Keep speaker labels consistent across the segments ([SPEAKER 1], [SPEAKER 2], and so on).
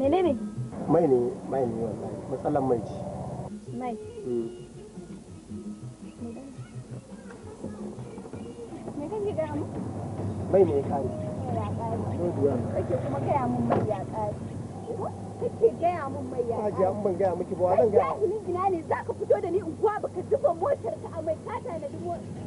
[SPEAKER 1] menene mai ne mai ne wallahi matsalan mai ce mai mm. mai ne ya kare kuma ya mun mai ya kare kake gaya min mai yaya hajiya in ban gaya miki ba zan gaya jahilin ina ne zaka fito da ni unguwa baka zuba motar ka a mai ka tanadi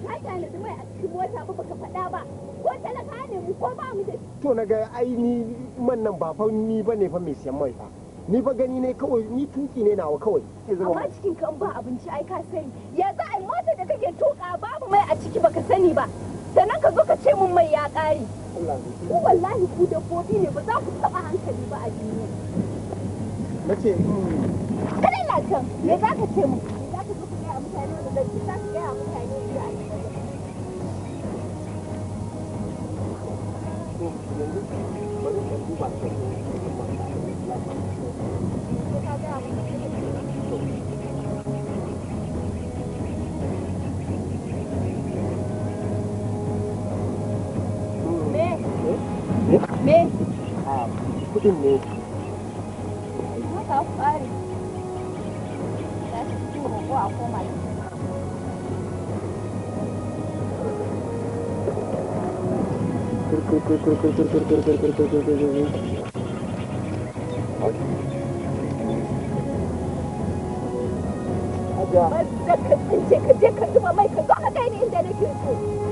[SPEAKER 1] ka tanadi mai a cikin mota ba ba ka faɗa ba ko talaka ne mu ko ba mu da to na ga ai ni man nan ba fa ni ne fa mai siyan mai fa ni ba gani ne kawai ni tuki ne nawa kawai amma cikin kan ba abinci ai ka sani ya za a mota da kake tuka babu mai a ciki ba ka sani ba ka zo ka ce mun mai ya ƙare ku wallahi ku dabbobi ne ba za ku taɓa hankali ba a duniya
[SPEAKER 2] nace hmm.
[SPEAKER 1] kada ina me za ka ce mu za ka zo ka gaya mutane da zai za ka gaya mutane da a yanzu bari ka duba ka din ne yake Ba ka je ka je ka zuba mai ka zo ka gani inda nake so.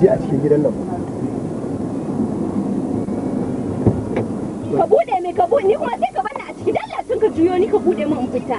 [SPEAKER 2] je a cikin gidan nan
[SPEAKER 1] ka bude mai ka bude ni kuma sai ka bani a cikin dalla sun ka juyo ni ka bude min fita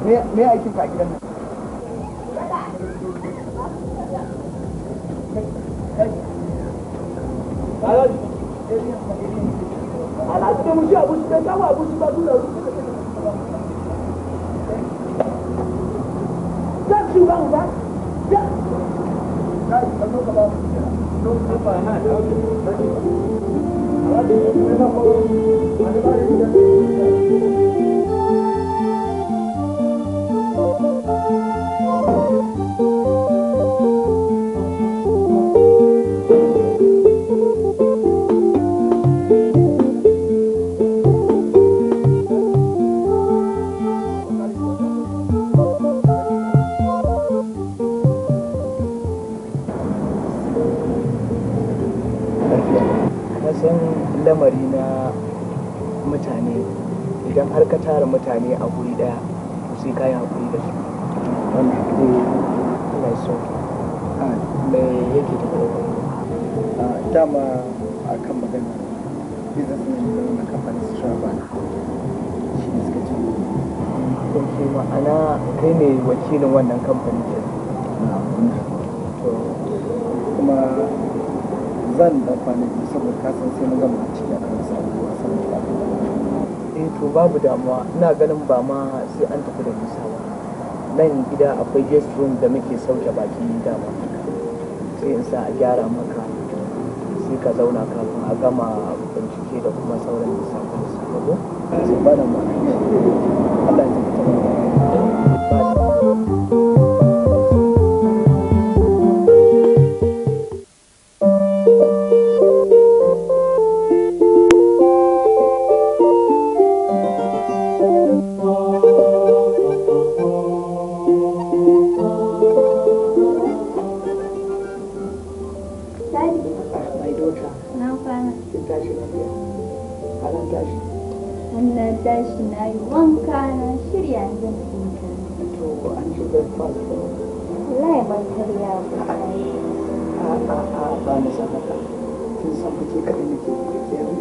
[SPEAKER 2] Me, me aikin ka gidan nan. Alhaji da mushi abu shi kai kawo abu shi ba dura rufe da Zan shi ba ba? Zan. Zan shi ba ba? Zan shi ba ba?
[SPEAKER 1] na mutane idan har ka tara mutane a guri daya sai ka yi haƙuri da su mai so
[SPEAKER 2] mai yake da A dama a kan magana business manager na kamfanin straba shi ne suka ce ok ma'ana kai ne wakilin wannan kamfanin ke kuma zan da kwanaki saboda kasan sai na gama ci eh to babu damuwa ina ganin ba ma sai an tafi da nisa ba nan gida akwai guest room da muke sauke baki dama sai in sa a gyara maka sai ka zauna kafin a gama bincike da kuma sauran nisa ba da ma Allah ya tabbata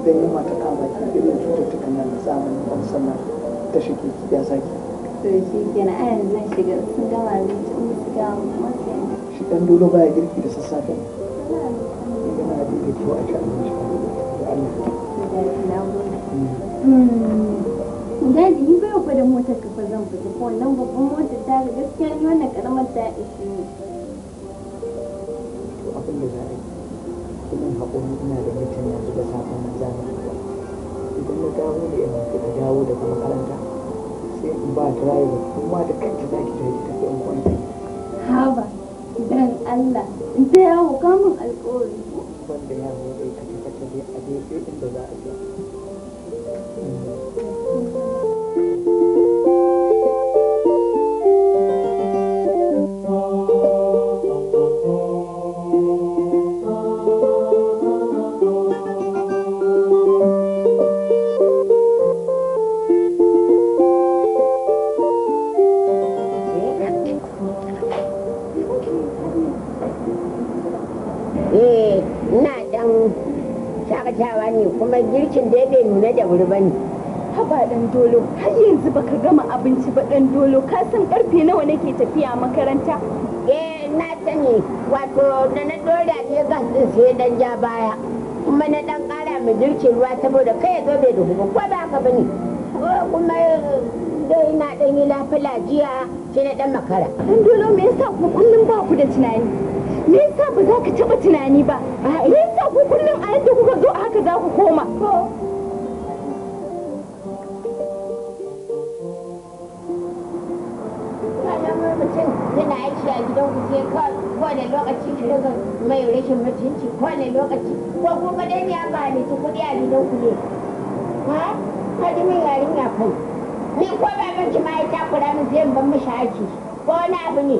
[SPEAKER 2] idan yi mata kama ki irin cututtukan nan na zamanin hausa ta shige ki ya zaki
[SPEAKER 1] to shi kenan a yanzu zan shiga sun gama su gama shi
[SPEAKER 2] dolo baya girki da sassafe yana da ke a shi da hmm. hmm.
[SPEAKER 1] Dadi, ni bai kwa da motar kafa zan fita ko wannan babban motar ta gaskiya ni wannan karamar ta ishe
[SPEAKER 2] ina da mutum yanzu zuba safe na za mu idan na dawo da yamma ta dawo daga makaranta sai in ba ta rayu kuma da kanta za ki tafi ta in kwanta haba
[SPEAKER 1] idan Allah in ta yawo kamun alƙawari
[SPEAKER 2] wanda yawo dai kace kace dai a dai inda za a je
[SPEAKER 1] kuma girkin da ya bai nuna da wuri bane haba dan dolo har yanzu baka gama abinci ba dan dolo ka san karfe nawa nake tafiya makaranta eh na sani wato na na dora ne gas din sai dan ja baya kuma na dan kara mu girkin ruwa saboda kai ya zo bai duhu ba ko ba ka bane oh, oh. kuma dai eh, na dan yi lafiya jiya sai na dan makara dan dolo me yasa ku kullum ba ku da tunani me yasa ba za ka taba tunani ba me yasa ku kullum a yadda kuka zo a haka za ku koma mutum yana aiki a gidan ku sai kowane lokaci ki riga mai rashin mutunci kowane lokaci ko kuma dai ya an halitta kuɗi a gidan ku ne ha kaji min yarinya kai ni ko babanki ma ya takura min zai ban mishi aiki ko wani abu ne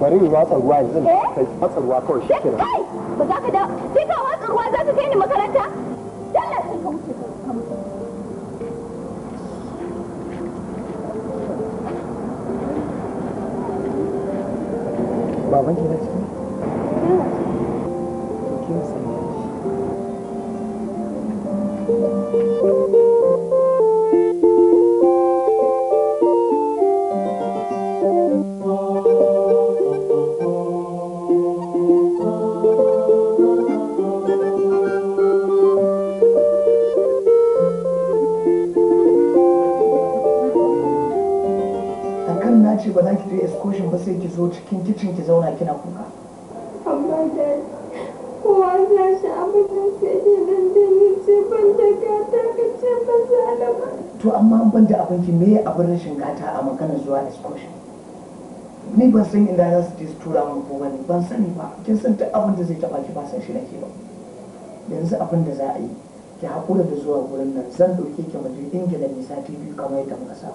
[SPEAKER 1] bari in watsa ruwa yanzu kai watsa ruwa kawai shi kai ba za ka da sai ka watsa ruwa za ka kai ni makaranta dalla sai ka wuce ka mutu
[SPEAKER 2] baban ki na ciki excursion ba sai ki zo cikin kicin ki zauna kina kuka amma da
[SPEAKER 1] kowa za shi abin da sai ke nan da ce ban da gata ka ce
[SPEAKER 2] ba to amma ban da abinci me abin rashin gata a maganar zuwa excursion ni ban san inda za su je su tura mun ko bane ban sani ba kin san duk abin da zai taba ki ba san shi nake ba yanzu abin da za a yi ki haƙura da zuwa wurin nan zan ɗauke ki mu je ingila ne sati biyu kamar yadda muka saba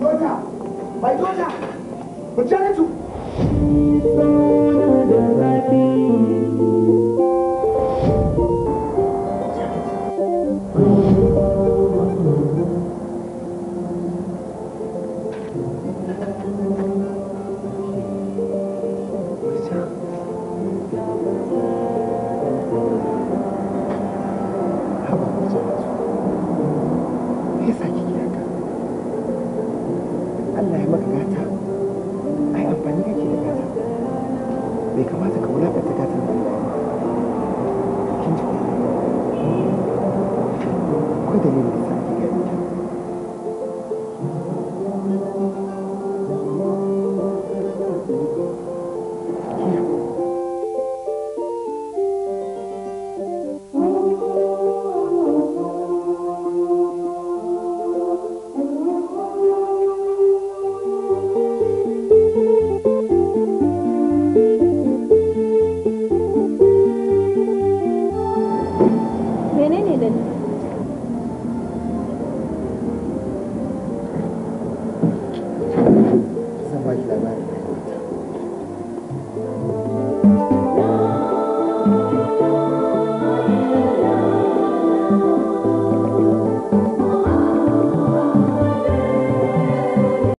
[SPEAKER 1] Doja! Vai, Doja! Vou tirar tu!
[SPEAKER 2] これでいいんです